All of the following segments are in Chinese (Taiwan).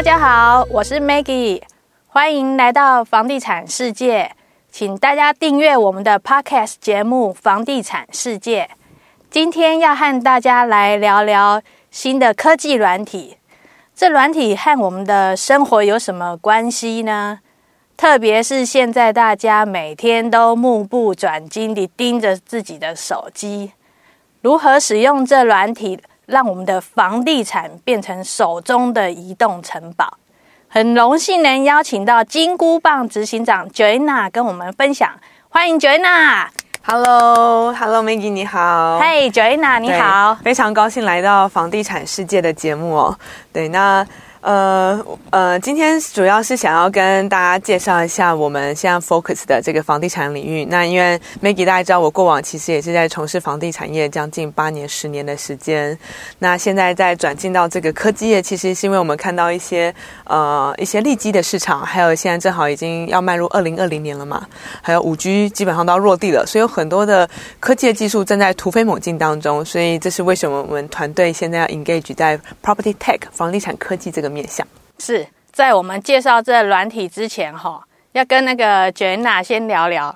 大家好，我是 Maggie，歡迎來到房地產世界。請大家訂閱我們的 podcast 節目《房地產世界》。今天要和大家來聊聊新的科技軟體，這軟體和我們的生活有什麼關係呢？特別是現在大家每天都目不轉睛地盯着自己的手機，如何使用這軟體？讓我們的房地產變成手中的移動城堡。很榮幸能邀請到金箍棒執行長 Joanna 跟我們分享，歡迎 Joanna。Hello，Hello Hello Maggie，你好。Hey Joanna，你好。非常高興來到房地產世界的節目哦。對，那。呃呃，今天主要是想要跟大家介紹一下我們現在 focus 的這個房地產領域。那因為 Maggie 大家知道，我過往其實也是在從事房地產業將近八年、十年的時間。那現在在轉進到這個科技業，其實是因為我們看到一些呃一些利基的市場，還有現在正好已經要邁入二零二零年了嘛，還有五 G 基本上都要落地了，所以有很多的科技的技術正在突飛猛進當中。所以這是為什麼我們團隊現在要 engage 在 property tech 房地產科技這個。面向是在我們介紹這軟體之前、哦，哈，要跟那個 Joanna 先聊聊，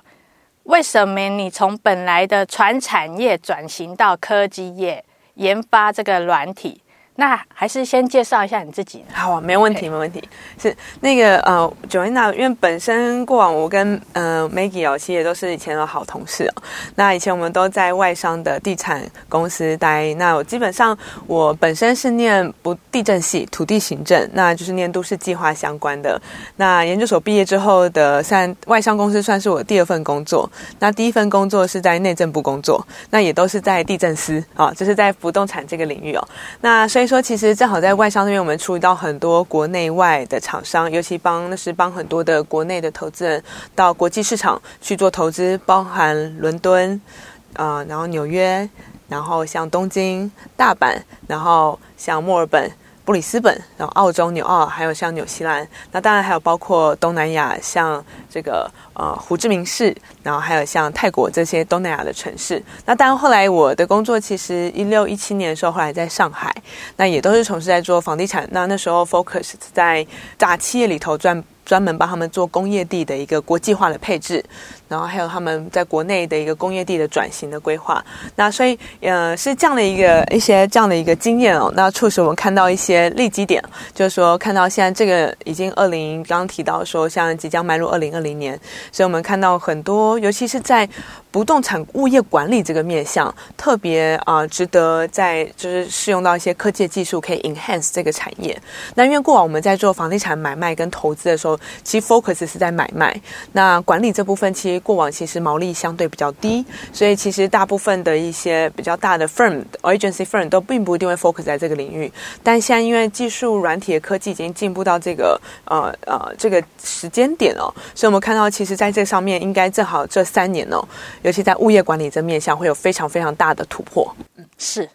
為什麼你從本來的傳產業轉型到科技業研發這個軟體？那還是先介紹一下你自己。好啊，沒問題，okay. 沒問題。是那個呃，Joanna，因為本身過往我跟呃 Maggie 哦，其實也都是以前的好同事哦。那以前我們都在外商的地產公司待。那我基本上我本身是念不地政系，土地行政，那就是念都市計劃相關的。那研究所畢業之後的算外商公司算是我第二份工作。那第一份工作是在內政部工作，那也都是在地政司啊、哦，就是在不動產這個領域哦。那所以。所以說其實正好在外商那邊，我們處理到很多國內外的廠商，尤其幫那是幫很多的國內的投資人到國際市場去做投資，包含倫敦，啊、呃，然後紐約，然後像東京、大阪，然後像墨爾本。布里斯本，然後澳洲紐澳，還有像紐西蘭，那當然還有包括東南亞，像這個呃胡志明市，然後還有像泰國這些東南亞的城市。那當然，後來我的工作其實一六一七年的時候，後來在上海，那也都是從事在做房地產。那那時候 focus 在大企業裡頭賺。專門幫他們做工業地的一個國際化的配置，然後還有他們在國內的一個工業地的轉型的規劃。那所以，呃，是這樣的一個一些這樣的一個經驗哦。那促使我們看到一些利基點，就是說看到現在這個已經二零，剛剛提到說，像即將邁入二零二零年，所以我們看到很多，尤其是在，不動產物業管理這個面向特別啊、呃，值得在就是適用到一些科技技術，可以 enhance 這個產業。那因為過往我們在做房地產買賣跟投資的時候，其實 focus 是在買賣，那管理這部分其實過往其實毛利相對比較低，所以其實大部分的一些比較大的 firm agency firm 都並不一定會 focus 在這個領域。但現在因為技術軟體的科技已經進步到這個呃呃這個時間點哦，所以我們看到其實在這上面應該正好這三年哦。尤其在物業管理這面向，會有非常非常大的突破。嗯，是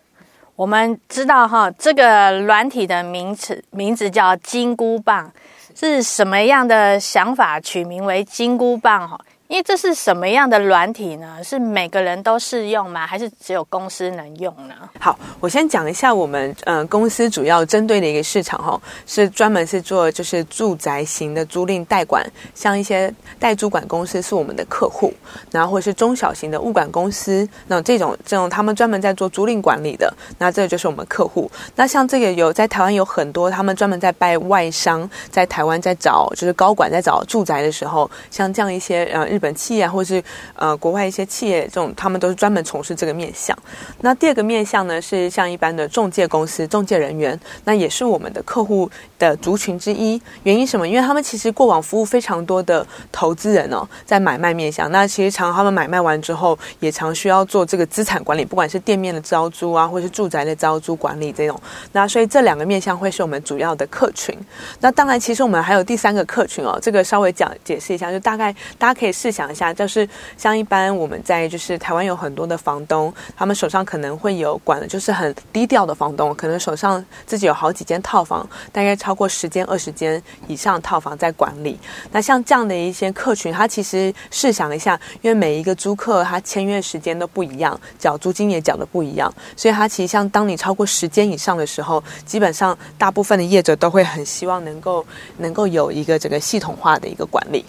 我們知道哈，這個軟體的名詞，名字叫金箍棒，是什麼樣的想法取名為金箍棒？哈？因為這是什麼樣的軟體呢？是每個人都適用嗎？還是只有公司能用呢？好，我先講一下我們嗯、呃、公司主要針對的一個市場哈、哦，是專門是做就是住宅型的租賃代管，像一些代租管公司是我們的客戶，然後或是中小型的物管公司，那這種這種他們專門在做租賃管理的，那這個就是我們客戶。那像這個有在台灣有很多他們專門在拜外商，在台灣在找就是高管在找住宅的時候，像這樣一些呃日本企業或者是呃國外一些企業，這種他們都是專門從事這個面向。那第二個面向呢，是像一般的中介公司、中介人員，那也是我們的客戶。的族群之一，原因什麼？因為他們其實過往服務非常多的投資人哦，在買賣面向。那其實常常他們買賣完之後，也常需要做這個資產管理，不管是店面的招租啊，或是住宅的招租管理這種。那所以這兩個面向會是我們主要的客群。那當然，其實我們還有第三個客群哦，這個稍微講解釋一下，就大概大家可以試想一下，就是像一般我們在就是台灣有很多的房東，他們手上可能會有管的就是很低調的房東，可能手上自己有好幾間套房，大概超過十間、二十間以上套房在管理，那像這樣的一些客群，他其實試想一下，因為每一個租客他簽約時間都不一樣，繳租金也繳的不一樣，所以他其實像當你超過十間以上的時候，基本上大部分的業者都會很希望能夠能夠有一個這個系統化的一個管理。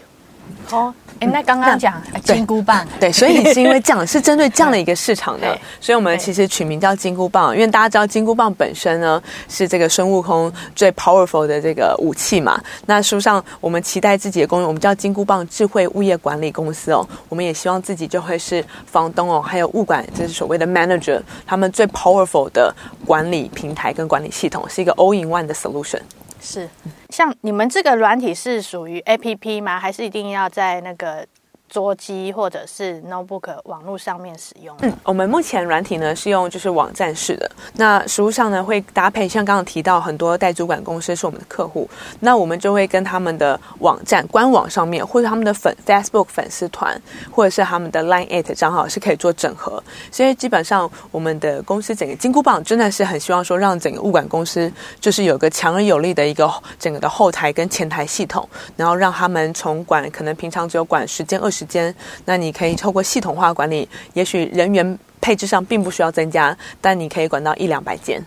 好、哦，那剛剛講、嗯、金箍棒。對，對，所以是因為這樣，是針對這樣的一個市場的， 所以我們其實取名叫金箍棒，因為大家知道金箍棒本身呢是這個孫悟空最 powerful 的這個武器嘛。那書上我們期待自己的功能我們叫金箍棒智慧物業管理公司哦。我們也希望自己就會是房東哦，還有物管，就是所謂的 manager，他們最 powerful 的管理平台跟管理系統，是一個 all in one 的 solution。是，像你們這個軟體是屬於 APP 嗎？還是一定要在那個？桌機或者是 notebook 網絡上面使用。嗯，我們目前軟體呢是用就是網站式的。那實務上呢會搭配，像剛剛提到很多代主管公司是我們的客戶，那我們就會跟他們的網站官網上面，或者他們的粉 Facebook 粉絲團，或者是他們的 LINE@ 賬號是可以做整合。所以基本上我們的公司整個金箍棒真的是很希望說，讓整個物管公司就是有個強而有力的一個整個的後台跟前台系統，然後讓他們從管可能平常只有管時間二十。時間，那你可以透過系統化管理，也許人員配置上並不需要增加，但你可以管到一兩百間。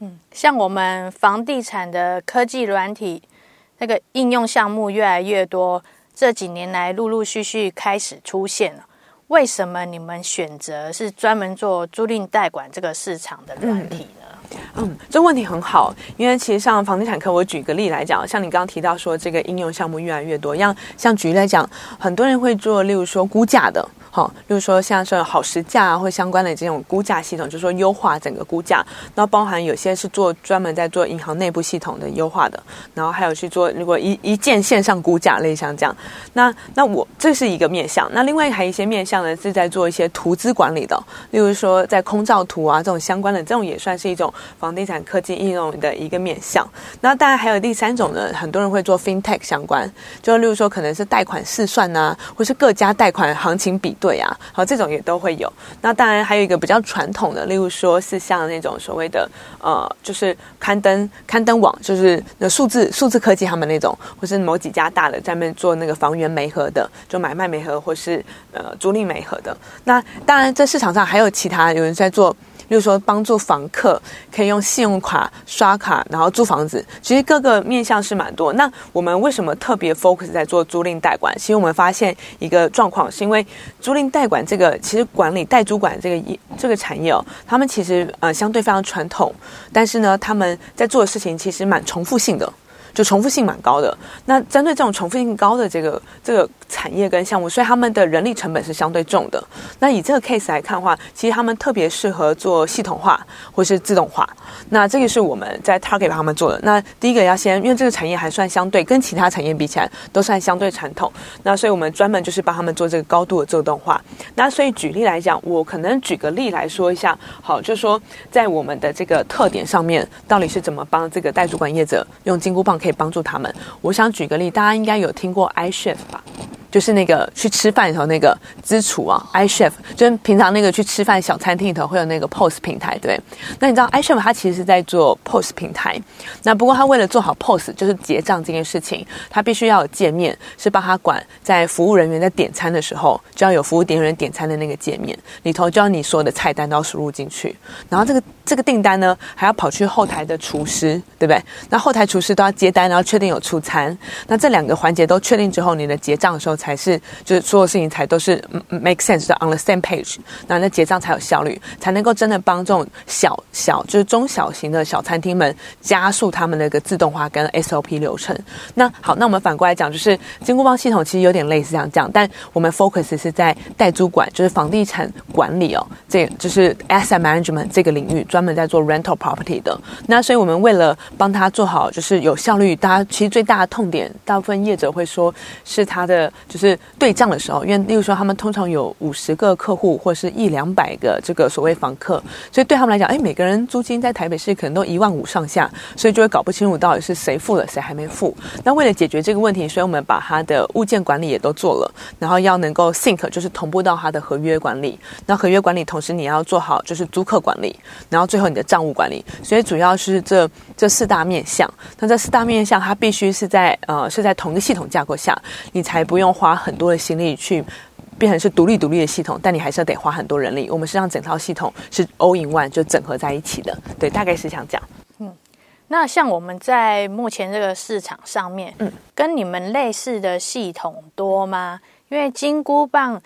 嗯，像我們房地產的科技軟體，那個應用項目越來越多，這幾年來陸陸續續開始出現了。為什麼你們選擇是專門做租賃代管這個市場的軟體？嗯嗯，這問題很好，因為其實像房地產科，我舉個例來講，像你剛剛提到說這個應用項目越來越多，像像舉例來講，很多人會做，例如說估價的，好、哦，例如說像是好時價啊，或相關的這種估價系統，就是、說優化整個估價，然後包含有些是做專門在做銀行內部系統的優化的，然後還有去做，如果一一鍵線上估價類像這樣，那那我這是一個面向，那另外還有一些面向呢是在做一些圖資管理的，例如說在空照圖啊這種相關的這種也算是一種。房地產科技應用的一個面向，那當然還有第三種呢，很多人會做 fintech 相關，就例如說可能是貸款試算啊，或是各家貸款行情比對啊，好，這種也都會有。那當然還有一個比較傳統的，例如說是像那種所謂的呃，就是刊登刊登網，就是那數字數字科技他們那種，或是某幾家大的在那邊做那個房源媒合的，就買賣媒合或是呃租賃媒合的。那當然在市場上還有其他有人在做。就是說，幫助房客可以用信用卡刷卡，然後租房子。其實各個面向是蠻多。那我們為什麼特別 focus 在做租賃代管？其實我們發現一個狀況，是因為租賃代管這個，其實管理代租管這個這個產業哦，他們其實呃相對非常傳統，但是呢，他們在做的事情其實蠻重復性的。就重複性蠻高的。那針對這種重複性高的這個這個產業跟項目，所以他們的人力成本是相對重的。那以這個 case 來看的話，其實他們特別適合做系統化或是自動化。那這個是我們在 target 他們做的。那第一個要先，因為這個產業還算相對跟其他產業比起來都算相對傳統。那所以我們專門就是幫他們做這個高度的自動化。那所以舉例來講，我可能舉個例來說一下。好，就是說在我們的這個特點上面，到底是怎麼幫這個代主管業者用金箍棒，可以幫助他們。我想舉個例，大家應該有聽過 iShift 吧。就是那個去吃飯裡頭那個支廚啊，iChef，就是平常那個去吃飯小餐廳裡頭會有那個 POS 平台，對，對。那你知道 iChef 它其實是在做 POS 平台，那不過他為了做好 POS，就是結賬這件事情，他必須要有界面，是幫他管在服務人員在點餐的時候，就要有服務點員點餐的那個界面裡頭，就要你所有的菜單都要輸入進去，然後這個這個訂單呢，還要跑去後台的廚師，對不對？那後台廚師都要接單，然後確定有出餐，那這兩個環節都確定之後，你的結賬的時候。才是，就是所有事情才都是 make sense 的，on the same page。那那結賬才有效率，才能夠真的幫這種小小就是中小型的小餐廳們加速他們那個自動化跟 SOP 流程。那好，那我們反過來講，就是金箍棒系統其實有點類似這樣講，但我們 focus 是在代租管，就是房地產管理哦，這個、就是 asset management 這個領域專門在做 rental property 的。那所以我們為了幫他做好，就是有效率，大家其實最大的痛點，大部分業者會說是他的。就是對賬的時候，因為例如說他們通常有五十個客戶，或者是一兩百個這個所謂房客，所以對他們來講，誒，每個人租金在台北市可能都一萬五上下，所以就會搞不清楚到底是誰付了，誰還沒付。那為了解決這個問題，所以我們把他的物件管理也都做了，然後要能夠 sync，就是同步到他的合約管理。那合約管理同時你要做好就是租客管理，然後最後你的賬務管理。所以主要是這這四大面向。那這四大面向它必須是在呃是在同一個系統架構下，你才不用。花很多的心力去變成是獨立獨立的系統，但你還是要得花很多人力。我們是讓整套系統是 all in one 就整合在一起的，對，大概是想講。嗯，那像我們在目前這個市場上面，嗯，跟你們類似的系統多嗎？因為金箍棒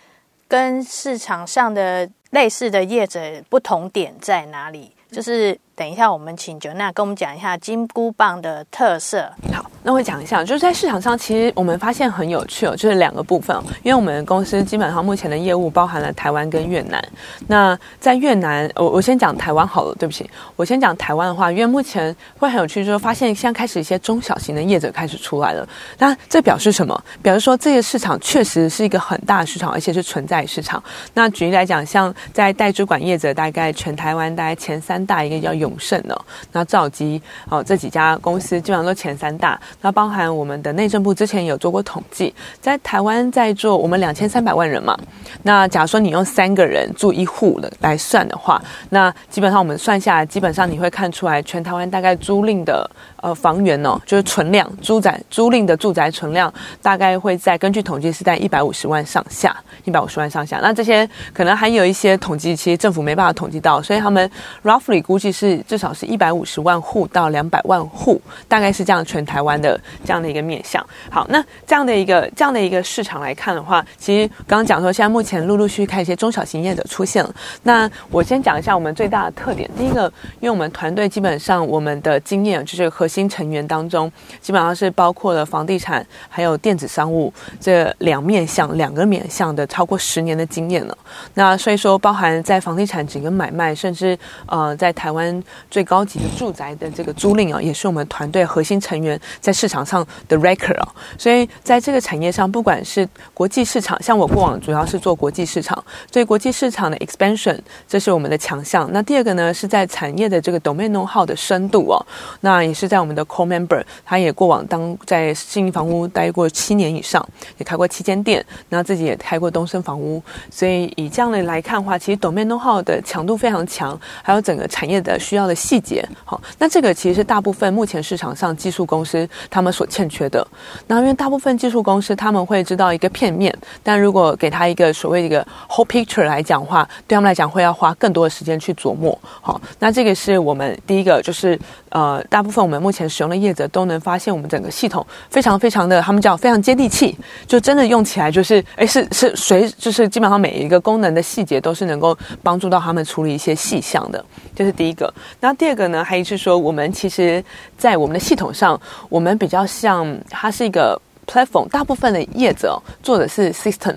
跟市場上的類似的業者不同點在哪裡？就是等一下我們請 Joanna 跟我們講一下金箍棒的特色。好。那我講一下，就是在市場上，其實我們發現很有趣哦，就是兩個部分，哦。因為我們公司基本上目前的業務包含了台灣跟越南。那在越南，我我先講台灣好了。對不起，我先講台灣的話，因為目前會很有趣，就是發現現在開始一些中小型的業者開始出來了。那這表示什麼？表示說這個市場確實是一個很大的市場，而且是存在市場。那舉例來講，像在代租管業者，大概全台灣大概前三大，一個叫永盛的，哦，那兆基哦，這幾家公司基本上都前三大。那包含我們的內政部之前也有做過統計，在台灣在做我們兩千三百萬人嘛，那假如說你用三個人住一戶的來算的話，那基本上我們算下來，基本上你會看出來全台灣大概租賃的呃房源哦，就是存量租宅租賃的住宅存量大概會在根據統計是在一百五十萬上下，一百五十萬上下。那這些可能還有一些統計，其實政府沒辦法統計到，所以他們 roughly 估計是至少是一百五十萬戶到兩百萬戶，大概是這樣全台灣的這樣的一個面向，好，那這樣的一個這樣的一個市場來看的話，其實剛剛講說，現在目前陸陸續續開一些中小型業者出現了。那我先講一下我們最大的特點，第一個，因為我們團隊基本上我們的經驗、啊、就是核心成員當中，基本上是包括了房地產還有電子商務這兩面向兩個面向的超過十年的經驗了、啊。那所以說，包含在房地產整個買賣，甚至呃，在台灣最高級的住宅的這個租賃啊，也是我們團隊核心成員在。市場上的 record，、哦、所以在這個產業上，不管是國際市場，像我過往主要是做國際市場，所以國際市場的 expansion 這是我們的強項。那第二個呢是在產業的這個 domain know-how 的深度哦，那也是在我們的 core member，他也過往當在信義房屋待過七年以上，也開過七間店，那自己也開過東森房屋，所以以這樣的來看的話，其實 domain know-how 的強度非常強，還有整個產業的需要的細節。好、哦，那這個其實是大部分目前市場上技術公司。他們所欠缺的，那因為大部分技術公司他們會知道一個片面，但如果給他一個所謂一個 whole picture 來講的話，對他們來講會要花更多的時間去琢磨。好，那這個是我們第一個，就是呃，大部分我們目前使用的業者都能發現，我們整個系統非常非常的，他們叫非常接地氣，就真的用起來就是，哎，是是隨，就是基本上每一個功能的細節都是能夠幫助到他們處理一些細項的，這是第一個。那第二個呢，還是說，我們其實在我們的系統上，我們比較像，它是一個 platform，大部分的業者、哦、做的是 system。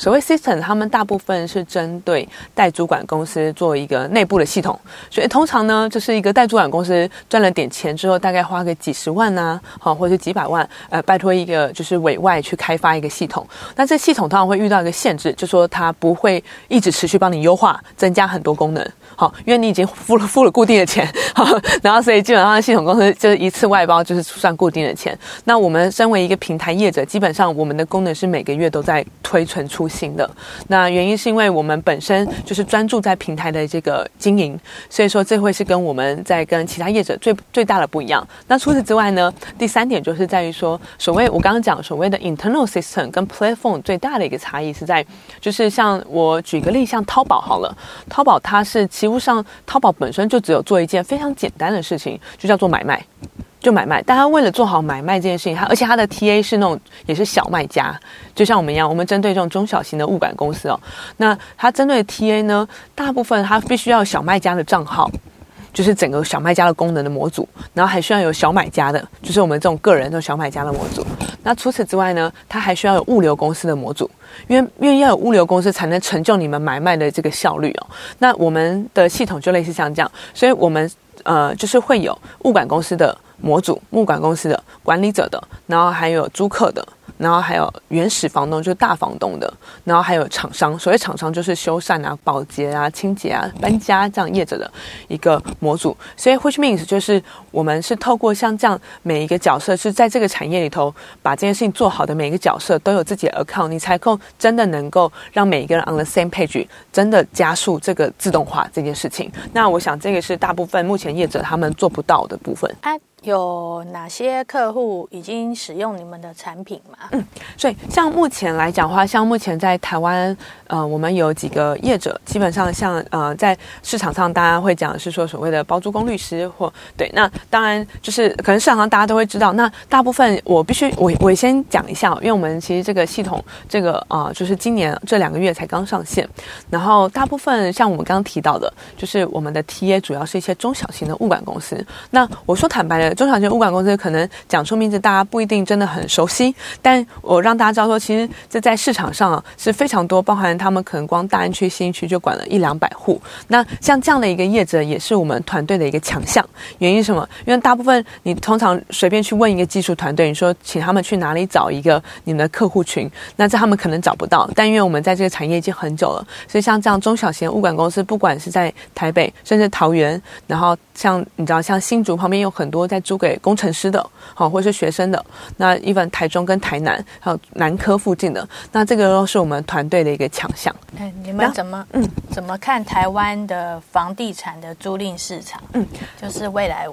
所謂 system，他們大部分是針對代租管公司做一個內部的系統，所以通常呢，就是一個代租管公司賺了點錢之後，大概花個幾十萬吶、啊，好、啊，或者幾百萬，呃，拜托一個就是委外去開發一個系統。那這系統當然會遇到一個限制，就說它不會一直持續幫你優化，增加很多功能。好，因為你已經付了付了，固定的錢，好，然後所以基本上系統公司就是一次外包，就是算固定的錢。那我們身為一個平台業者，基本上我們的功能是每個月都在推陳出新的。那原因是因為我們本身就是專注在平台的這個經營，所以說這會是跟我們在跟其他業者最最大的不一樣。那除此之外呢，第三點就是在於說，所謂我剛剛講所謂的 internal system 跟 platform 最大的一個差異是在，就是像我舉個例，像淘寶好了，淘寶它是其實際上，淘寶本身就只有做一件非常簡單的事情，就叫做買賣，就買賣。但他為了做好買賣這件事情，他而且他的 TA 是那種也是小賣家，就像我們一樣，我們針對這種中小型的物管公司哦，那他針對 TA 呢，大部分他必須要小賣家的賬號。就是整個小賣家的功能的模組，然後還需要有小買家的，就是我們這種個人的小買家的模組。那除此之外呢，它還需要有物流公司的模組，因為因為要有物流公司才能成就你們買賣的這個效率哦。那我們的系統就類似像這樣，所以我們呃就是會有物管公司的模組、物管公司的管理者的，然後還有租客的。然後還有原始房東，就是大房東的，然後還有廠商，所謂廠商就是修繕啊、保潔啊、清潔啊、搬家這樣業者的一個模組。所以，which means 就是我們是透過像這樣每一個角色是在這個產業裡頭把這件事情做好的每一個角色都有自己的 account，你才夠真的能夠讓每一個人 on the same page，真的加速這個自動化這件事情。那我想這個是大部分目前業者他們做不到的部分。啊有哪些客戶已經使用你們的產品嗎？嗯，所以像目前來講的話，像目前在台灣，呃，我們有幾個業者，基本上像呃，在市場上大家會講的是說所謂的包租公律師或對，那當然就是可能市場上大家都會知道，那大部分我必須我我先講一下、哦，因為我們其實這個系統這個啊、呃，就是今年這兩個月才剛上線，然後大部分像我們剛剛提到的，就是我們的 TA 主要是一些中小型的物管公司，那我說坦白的。中小型物管公司，可能講出名字，大家不一定真的很熟悉，但我讓大家知道說，其實這在市場上啊，是非常多，包含他們可能光大安區、新區就管了一兩百戶。那像這樣的一個業者，也是我們團隊的一個強項。原因什麼？因為大部分你通常隨便去問一個技術團隊，你說請他們去哪裡找一個你們的客戶群，那這他們可能找不到。但因為我們在這個產業已經很久了，所以像這樣中小型物管公司，不管是在台北，甚至桃園，然後像你知道，像新竹旁邊有很多在。租給工程師的，好，或者是學生的，那一份台中跟台南還有南科附近的，那這個都是我們團隊的一個強項。哎，你們怎麼、嗯、怎麼看台灣的房地產的租賃市場？嗯，就是未來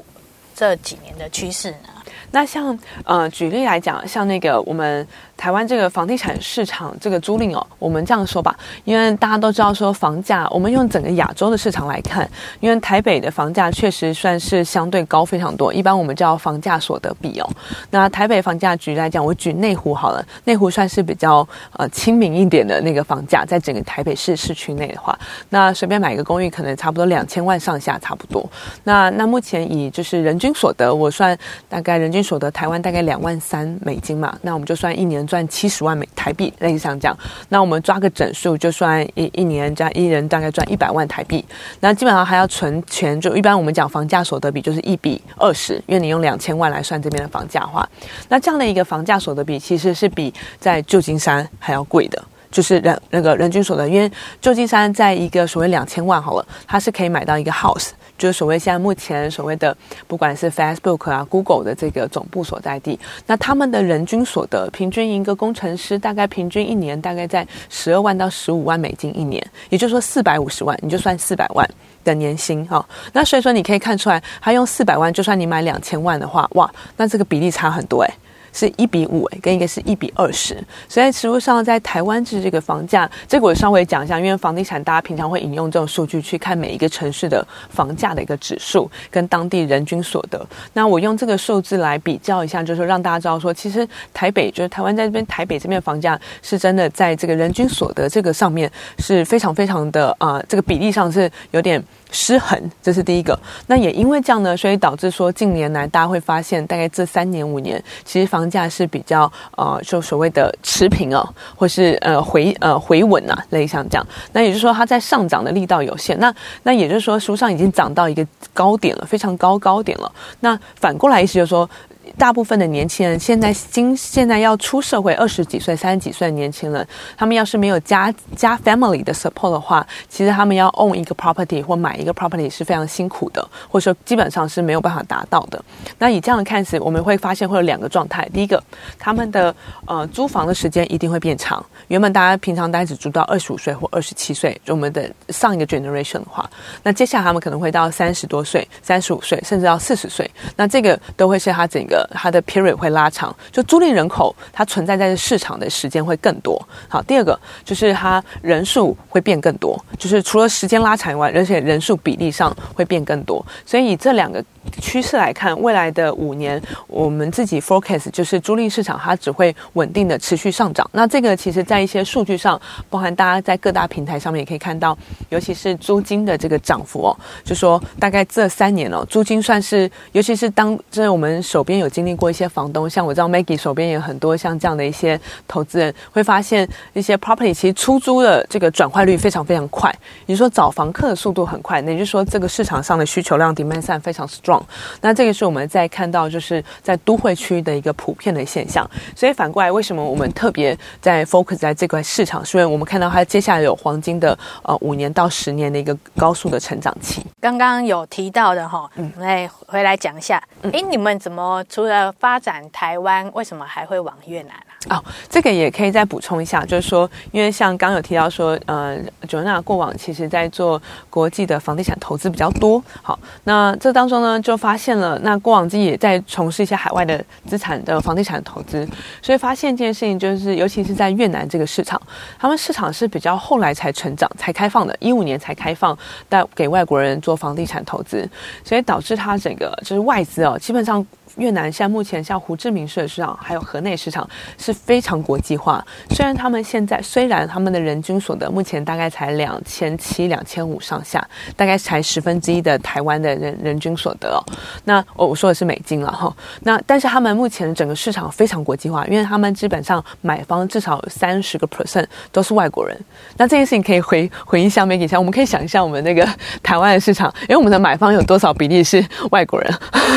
這幾年的趨勢呢？那像嗯、呃，舉例來講，像那個我們。台灣這個房地産市場，這個租賃哦，我們這樣說吧，因為大家都知道說房價，我們用整個亞洲的市場來看，因為台北的房價確實算是相對高非常多。一般我們叫房價所得比哦，那台北房價舉來講，我舉內湖好了，內湖算是比較呃親民一點的那個房價，在整個台北市市區內的話，那隨便買一個公寓可能差不多兩千萬上下差不多。那那目前以就是人均所得，我算大概人均所得，台灣大概兩萬三美金嘛，那我們就算一年，賺七十萬美台幣，類似像這樣，那我們抓個整數，就算一一年，這樣一人大概賺一百萬台幣，那基本上還要存錢，就一般我們講房價所得比就是一比二十，因為你用兩千萬來算這邊的房價的話，那這樣的一個房價所得比其實是比在舊金山還要貴的，就是人那個人均所得，因為舊金山在一個所謂兩千萬好了，它是可以買到一個 house。就是所謂現在目前所謂的，不管是 Facebook 啊 Google 的這個總部所在地，那他們的人均所得，平均一個工程師大概平均一年大概在十二萬到十五萬美金一年，也就是說四百五十萬，你就算四百萬的年薪哈、哦。那所以說你可以看出來，他用四百萬，就算你買兩千萬的話，哇，那這個比例差很多哎。是一比五，欸、跟一個是一比二十，所以實際上在台灣是這個房價。這個我稍微講一下，因為房地產大家平常會引用這種數據去看每一個城市的房價的一個指數跟當地人均所得。那我用這個數字來比較一下，就是說讓大家知道說，其實台北，就是台灣在這邊，台北這邊房價是真的在這個人均所得這個上面是非常非常的啊、呃，這個比例上是有點。失衡，這是第一個。那也因為這樣呢，所以導致說近年來大家會發現，大概這三年五年，其實房價是比較呃，就所謂的持平哦、啊，或是呃回呃回穩啊，類似像這樣。那也就是說，它在上漲的力道有限。那那也就是說，書上已經漲到一個高點了，非常高高點了。那反過來意思就是說。大部分的年輕人現在今現在要出社會，二十幾歲、三十幾歲的年輕人，他們要是沒有家家 family 的 support 的話，其實他們要 own 一個 property 或買一個 property 是非常辛苦的，或者說基本上是沒有辦法達到的。那以這樣的 case，我們會發現會有兩個狀態，第一個，他們的呃租房的時間一定會變長。原本大家平常大概只租到二十五歲或二十七歲，就我們的上一個 generation 的話，那接下來他們可能會到三十多歲、三十五歲，甚至到四十歲。那這個都會是他整個它的 period 會拉長，就租賃人口它存在在市場的時間會更多。好，第二個就是它人數會變更多，就是除了時間拉長以外，而且人數比例上會變更多。所以以這兩個。趨勢來看，未來的五年，我們自己 forecast 就是租賃市場它只會穩定的持續上漲。那這個其實，在一些數據上，包含大家在各大平台上面也可以看到，尤其是租金的這個漲幅哦，就說大概這三年哦，租金算是，尤其是當這我們手邊有經歷過一些房東，像我知道 Maggie 手邊也很多像這樣的一些投資人，會發現一些 property 其實出租的這個轉化率非常非常快，也就是說找房客的速度很快，那也就是說這個市場上的需求量 demand size 非常 strong。那這個是我們在看到，就是在都會區的一個普遍的現象。所以反過來，為什麼我們特別在 focus 在這塊市場？是因為我們看到它接下來有黃金的呃五年到十年的一個高速的成長期。剛剛有提到的哈，哎嗯嗯，回來講一下。哎，欸，你們怎麼除了發展台灣，為什麼還會往越南啊？哦，這個也可以再補充一下，就是說，因為像剛剛有提到說，呃，Joanna 過往其實在做國際的房地產投資比較多。好，那這當中呢，就發現了，那過往自己也在從事一些海外的資產的房地產投資，所以發現一件事情，就是，尤其是在越南這個市場，他們市場是比較後來才成長、才開放的，一五年才開放，帶給外國人做房地產投資，所以導致它整個就是外資哦，基本上。越南像目前像胡志明市的市場，還有河內市場是非常國際化。雖然他們現在，雖然他們的人均所得目前大概才兩千七、兩千五上下，大概才十分之一的台灣的人人均所得，哦。那我、哦、我說的是美金了哈。那但是他們目前整個市場非常國際化，因為他們基本上買方至少有三十個 percent 都是外國人。那這件事情可以回回憶一下美金，一下我們可以想一下我們那個台灣的市場，因為我們的買方有多少比例是外國人？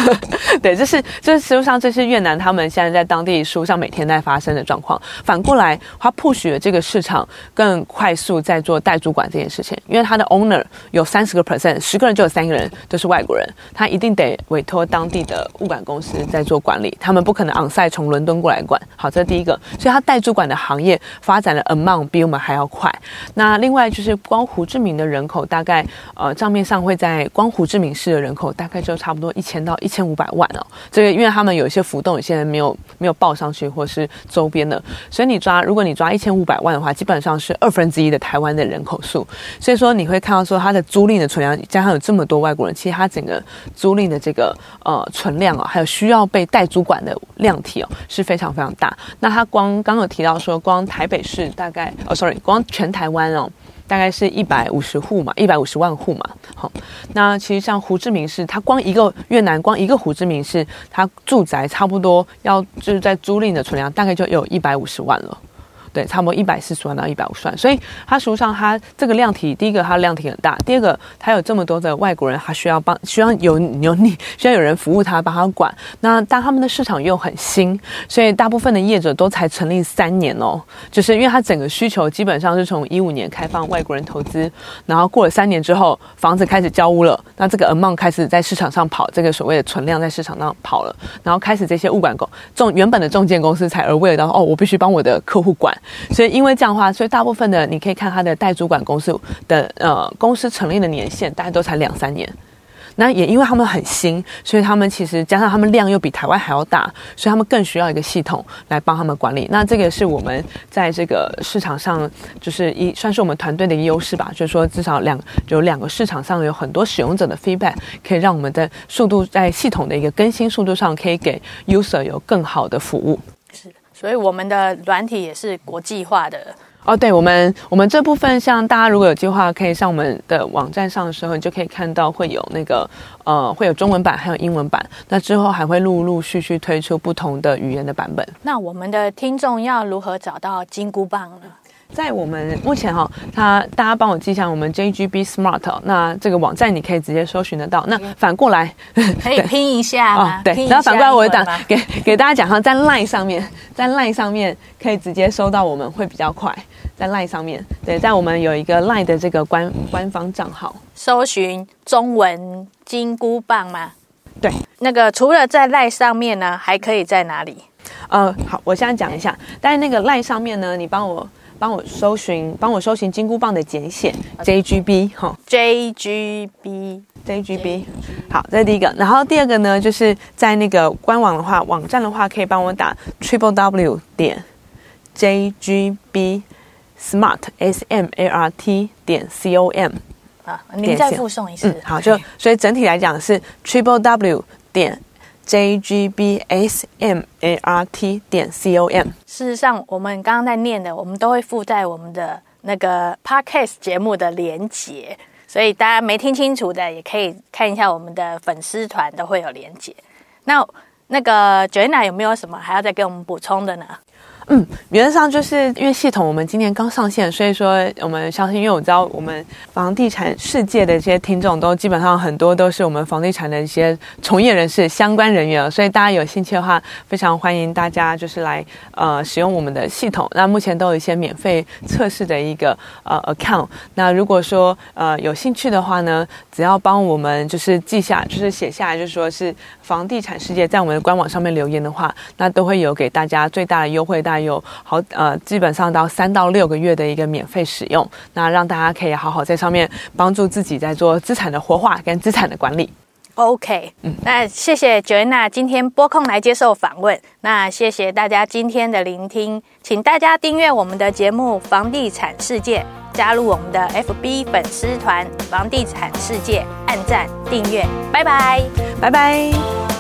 對，就是。這實際上這是越南他們現在在當地書上每天在發生的狀況。反過來，他 push 的這個市場更快速在做代主管這件事情，因為他的 owner 有三十個 percent，十個人就有三個人都、就是外國人，他一定得委托當地的物管公司在做管理，他們不可能 onsite 從倫敦過來管。好，這是第一個，所以他代主管的行業發展的 amount 比我們還要快。那另外就是光胡志明的人口大概，呃，賬面上會在光胡志明市的人口大概就差不多一千到一千五百萬哦。對，因為他們有一些浮動，現在沒有沒有報上去，或是周邊的，所以你抓，如果你抓一千五百萬的話，基本上是二分之一的台灣的人口數，所以說你會看到說它的租賃的存量，加上有這麼多外國人，其實它整個租賃的這個呃存量哦、啊，還有需要被代租管的量體哦、啊，是非常非常大。那它光剛剛有提到說，光台北市大概哦，sorry，光全台灣哦。大概是一百五十戶嘛，一百五十萬戶嘛。好，那其實像胡志明市，它光一個越南，光一個胡志明市，它住宅差不多要就是在租賃的存量，大概就有一百五十萬了。對，差不多一百四十萬到一百五十萬，所以他實際上它這個量體，第一個它量體很大，第二個它有這麼多的外國人，他需要幫，需要有有你，需要有人服務他幫他管。那但他們的市場又很新，所以大部分的業者都才成立三年哦，就是因為它整個需求基本上是從一五年開放外國人投資，然後過了三年之後房子開始交屋了，那這個 amount 開始在市場上跑，這個所謂的存量在市場上跑了，然後開始這些物管公重原本的重建公司才而為了到哦，我必須幫我的客戶管。所以，因為這樣的話，所以大部分的你可以看他的代主管公司的呃公司成立的年限，大概都才兩三年。那也因為他們很新，所以他們其實加上他們量又比台灣還要大，所以他們更需要一個系統來幫他們管理。那這個是我們在這個市場上，就是一算是我們團隊的一個優勢吧。就是說，至少兩有兩個市場上有很多使用者的 feedback，可以讓我們的速度在系統的一個更新速度上，可以給 user 有更好的服務。所以我們的軟體也是國際化的哦。對，我們我們這部分像大家如果有計劃，可以上我們的網站上的時候，你就可以看到會有那個呃會有中文版，還有英文版。那之後還會陸陸續續推出不同的語言的版本。那我們的聽眾要如何找到金箍棒呢？在我們目前哈、哦，他，大家幫我記一下，我們 JGB Smart，那這個網站你可以直接搜尋得到。那反過來可以拼一下啊、 哦，對，然後反過來我講給給大家講哈，在 Line 上面，在 Line 上面可以直接搜到我們會比較快，在 Line 上面，對，在我們有一個 Line 的這個官官方賬號，搜尋中文金箍棒嗎？對，那個除了在 Line 上面呢，還可以在哪裡？呃、嗯，好，我先講一下，但是那個 Line 上面呢，你幫我。幫我搜尋，幫我搜尋金箍棒的簡寫，JGB 哈，JGB JGB，JGB 好，這是第一個、嗯。然後第二個呢，就是在那個官網的話，網站的話，可以幫我打 triple w 點 jgb smart s m a r t 點 c o m 啊，你再複誦一次，嗯、好， 就所以整體來講是 triple w 點。jgbsmrt a 點 com。事實上，我們剛剛在念的，我們都會附在我們的那個 podcast 節目的連結，所以大家沒聽清楚的，也可以看一下我們的粉絲團都會有連結。那那個九 n a 有沒有什麼還要再給我們補充的呢？嗯，原則上就是因為系統我們今年剛上線，所以說我們相信，因為我知道我們房地產世界的這些聽眾都基本上很多都是我們房地產的一些從業人士、相關人員，所以大家有興趣的話，非常歡迎大家就是來呃使用我們的系統。那目前都有一些免費測試的一個呃 account，那如果說呃有興趣的話呢，只要幫我們就是記下，就是寫下來，就是說是。房地產世界，在我們的官網上面留言的話，那都會有給大家最大的優惠，大概有好呃，基本上到三到六個月的一個免費使用，那讓大家可以好好在上面幫助自己在做資產的活化跟資產的管理。OK，嗯，那謝謝 Joanna 今天撥空來接受訪問。那謝謝大家今天的聆聽，請大家訂閱我們的節目《房地產世界》，加入我們的 FB 粉絲團《房地產世界》，按讚訂閱。拜拜，拜拜。